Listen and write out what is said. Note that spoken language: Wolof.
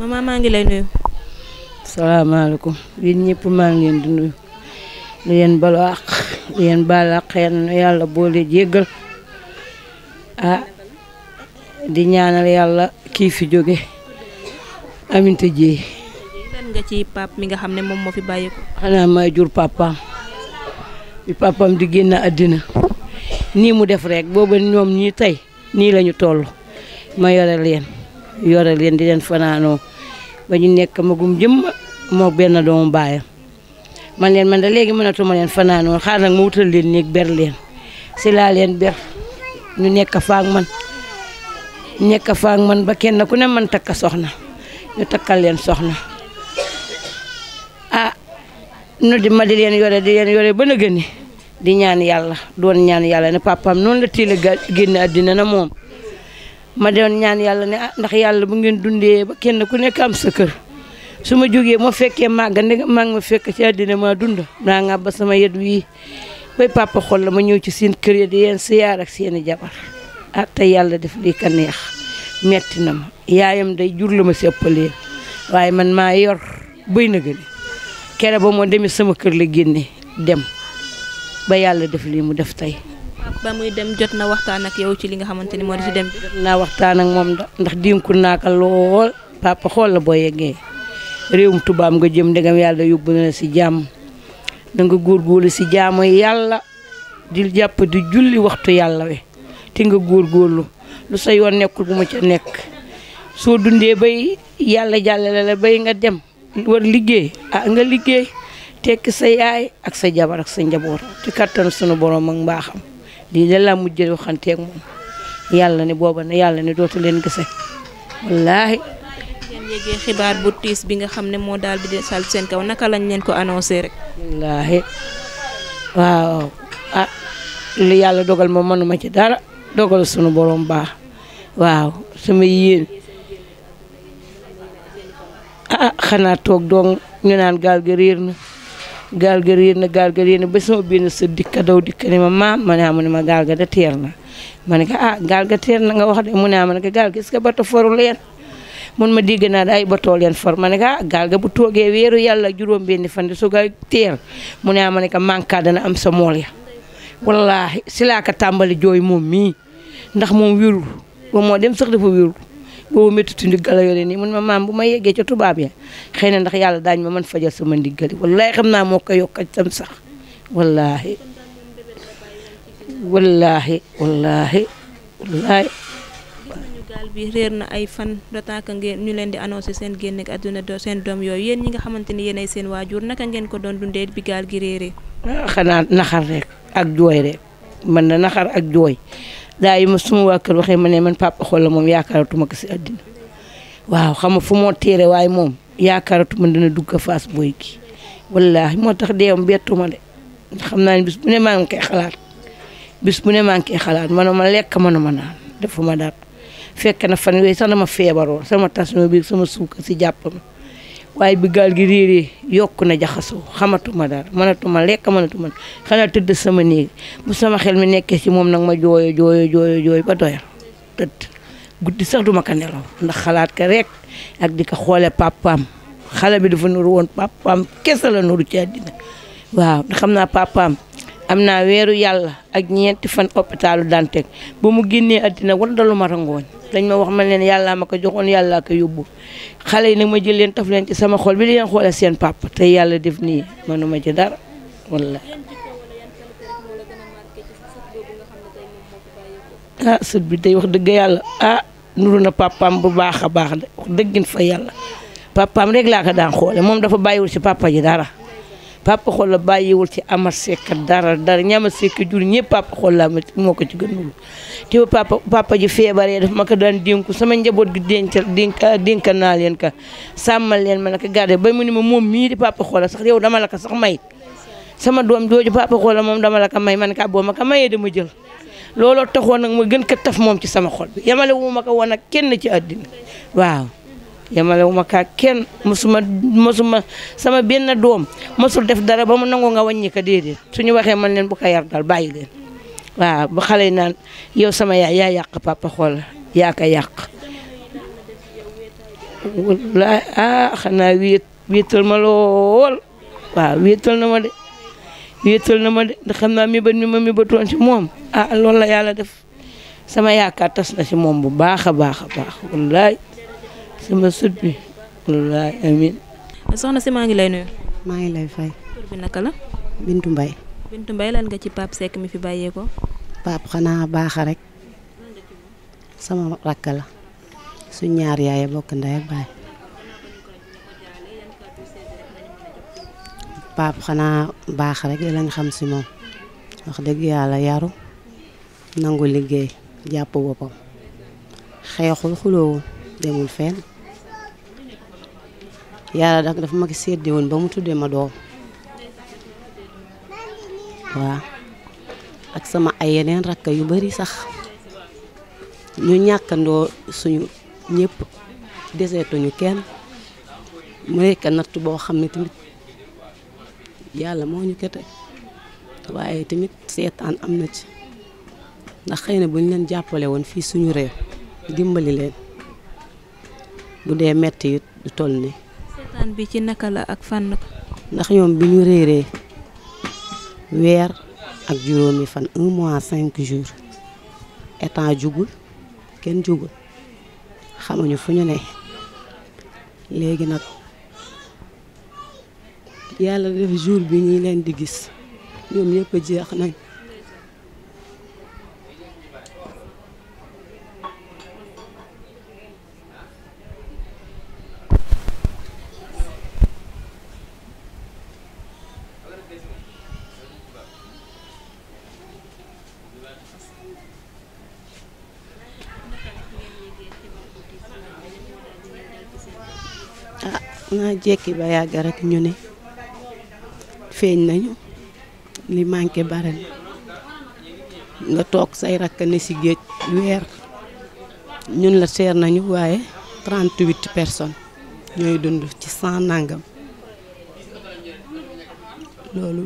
maman maa ngi lay nuyu. salaamaaleykum yéen ñëpp maa ngi leen di nuyu leen balu àq leen baal àq yàlla boole jégal ah di ñaanal yàlla kii fi jóge amint Dieye. lan ci pap mi nga xam ne moom moo fi bàyyi ko. xanaa may jur papaam bi papaam di génn àddina nii mu def rek booba ñoom ñii tey nii lañu toll ma yore leen yore leen di leen fanaanoo ba ñu nekk magum jëmm moo benn doomu baayam man leen man da léegi mënatuma leen fanaanoon xaar nag ma wutal leen néeg ber leen si laa leen ber ñu nekk faak man nekk faak man ba kenn ku ne man takka soxna ñu takkal leen soxna a ah, nu di ma di leen yore di leen yore ba na di ñaan yàlla doon ñaan yàlla na papaam noonu la téel a génn na moom ma doon ñaan yàlla ne ah ndax yàlla bu ngeen dundee ba kenn ku nekk am sa kër su ma jógee ma fekkee màgga ndega ma fekk ci àddina ma dund naa nga ba sama yet wii bay papa xol la ma ñëw ci seen kër ya di yeen siyaar ak seeni jabar ah tey yàlla def lii ka neex metti na ma yaayam day jur la ma si ëppalee waaye man maa yor bëy na gëni kere ba moo demee sama kër la génne dem ba yàlla def lii mu def tey ba muy dem jot na waxtaan ak yow ci li nga xamante ni moo di ci dem. naa waxtaan ak moom ndax dénku naa ko lool papa xool la boo yeggee réew réewum tubaab nga jëm ndegam yàlla yóbbu na si jàmm da nga góorgóorlu si jaamu yàlla di jàpp di julli waxtu yàlla wi te nga góor góorlu lu sa yoon nekkul bu mu ca nekk soo dundee bay yàlla jàllale la bay nga dem war liggéey ah nga liggéey tekki sa yaay ak sa jabar ak sa njaboot ci kattanu sunu borom ak mbaaxam. lii de laa mujjee waxanteeg moom yàlla ne booba na yàlla ne dootu leen gise wallaahi. yéegee xibaar bu tiis bi nga xam ne moo daal di sal seen kaw naka lañ leen ko annoncé rek. wallaahi waaw ah yàlla dogal ma mënuma ci dara dogal sunu borom baax waaw sama yéen ah, ah xanaa toog doo ñu naan gaal gi na. gaal ga réer na gaal ga réer na ba sama benn sët dikka daw dikka ne ma maam ma ne ah, ma gaal ga de teer na ma ne ko ah gaal ga teer na nga wax de mu ne ah, ma ne ga est-ce que bato foru ma dégg naa daay bato leen for ma ne ko ah gaal ga bu toogee weeru yàlla juróom benni fan de su ga teer mu ne ah ma ne ko manka dana am sa mool ya wallaahi si laa ko tàmbali jooy moom mii ndax moom wérul ba moo dem sax dafa wérul boobu méttitu ndiggal a yore nii mun ma maam bu ma yeggee ca tubaab ya xëy na ndax yàlla daañ ma mën fajal sama ndiggali wallaahi xam naa moo ko yokka tam sax wallaahi wallaahi wallaahi wallaahi gaal bi réer na ay fan de temps que ñu leen di annoncé seen génn àdduna seen doom yooyu yéen ñi nga xamante ni yéen seen waajur naka ngeen ko doon dundee bi gaal gi réeree. Ah, xanaa naxar rek ak jooy rek man na naxar ak jooy daa yi ma suma waa kër waxee ma ne man papa xool la moom yaakaaratuma ko si àddina waaw xam nga fu moo téere waaye moom yaakaaratuma dina dugg a faas booy gi wallaahi moo tax deewam bettuma de xam naa ne bis bu ne maa ngi koy xalaat bis bu ne maa ngi koy xalaat ma lekk manuma naan ma dara fekk na fan yooyu sax dama feebaroon sama tas ma biir sama suukar si jàppam waaye bi gaal gi réeree yokk na jaxasoo xamatuma dara mënatuma lekk mënatuma xanaa tëdd sama néeg bu sama xel mi nekkee ci moom nag ma jooyo jooyo jooyo jooy ba doyal tëdd guddi sax duma ko nelaw ndax xalaat ka rek ak di ko xoole papaam xale bi dafa nuru woon papaam kese la nuru ci waaw xam naa papam am naa weeru yàlla ak ñeenti fan hôpitalu Dantec ba mu génnee àddina war dalu ma rangoon dañ ma wax ma leen yàllaa ma ko joxoon yàllaa ko yóbbu xale yi nag ma jël leen taf leen ci sama xol bi di leen seen papa te yàlla def nii manuma ci dara wallaay ah sët day wax dëgg yàlla ah nuru na papaam bu baax a baax de wax dëggin fa yàlla papaam rek laa ko daan xoole moom dafa bàyyiwul ci pàppa ji dara papa Kholla bàyyiwul ci Amar Seck dara dara ma Seck jur ñëpp papa Kholla moo ko ci gënul te papa papa ji feebaree daf ma ko daan dénku sama njaboot gi dencal dénk dénka naa leen ka sàmmal leen ma ne ko garde ba mu ne ma moom mii di papa Kholla sax yow dama la ko sax may sama doom jooju papa Kholla moom dama la ko may ma man ka boo ma ko mayee dama jël looloo taxoon nag moo gën ko taf moom ci sama xol bi yamale wu ma ko kenn ci àddina waaw yamale wu ma kaa kenn mosuma mosuma sama benn doom mosul def dara ba mu nangu nga wàññi ko déedéet suñu waxee man leen bu ko yar daal bàyyi leen waaw bu xale yi naan yow sama yaay yaa yàq papa xool yaa ko yàq wallaahi aa ah, xanaa wéet wéetal ma lool waaw wéetal na ma de wéetal na ma de ndax naa mi ba ma mi toon ci moom ah loolu la yàlla def sama yaakaar tas na ci moom bu baax a baax a baax wallaahi sama sut bi wallaay amin soxna si maa ngi lay nuyu. maa ngi lay fay. tur la. Bintu mbay Bintu Mbaye lan nga ci Pape Seck mi fi bàyyeekoo. Pape xanaa baaxa sama rakk la suñ ñaar yaay bokk ndey xanaa baax rek lañ xam si ma wax dëgg yàlla yaru nangu liggéey jàpp boppam xeexul xuloowul demul fenn. yàlla nag dafa ma ko séddee woon ba mu tuddee ma doom waaw ak sama ay yeneen rakk yu bari sax ñu ñàkkandoo suñu ñëpp deseetuñu kenn mu nekk natt boo xam ne tamit yàlla moo ñu ko waaye tamit seetaan am na ci ndax xëy na bu ñu leen jàppale woon fii suñu réew dimbali leen bu dee metti it du toll nii. cosaan ci naka la ak fànn ko ndax ñoom bi ñu réeree weer ak juróomi fan un mois cinq jours état jugul kenn jugul xamuñu fu ñu ne léegi nag yàlla def jour bi ñi leen di gis ñoom ñëpp jeex nañ naa jekki ba yàgg rekk ñu ne feeñ nañu li manqué bare na nga toog say rakk ne si géej weer ñun la seer nañu waaye 38 personnes ñooy dund ci cent nangam loolu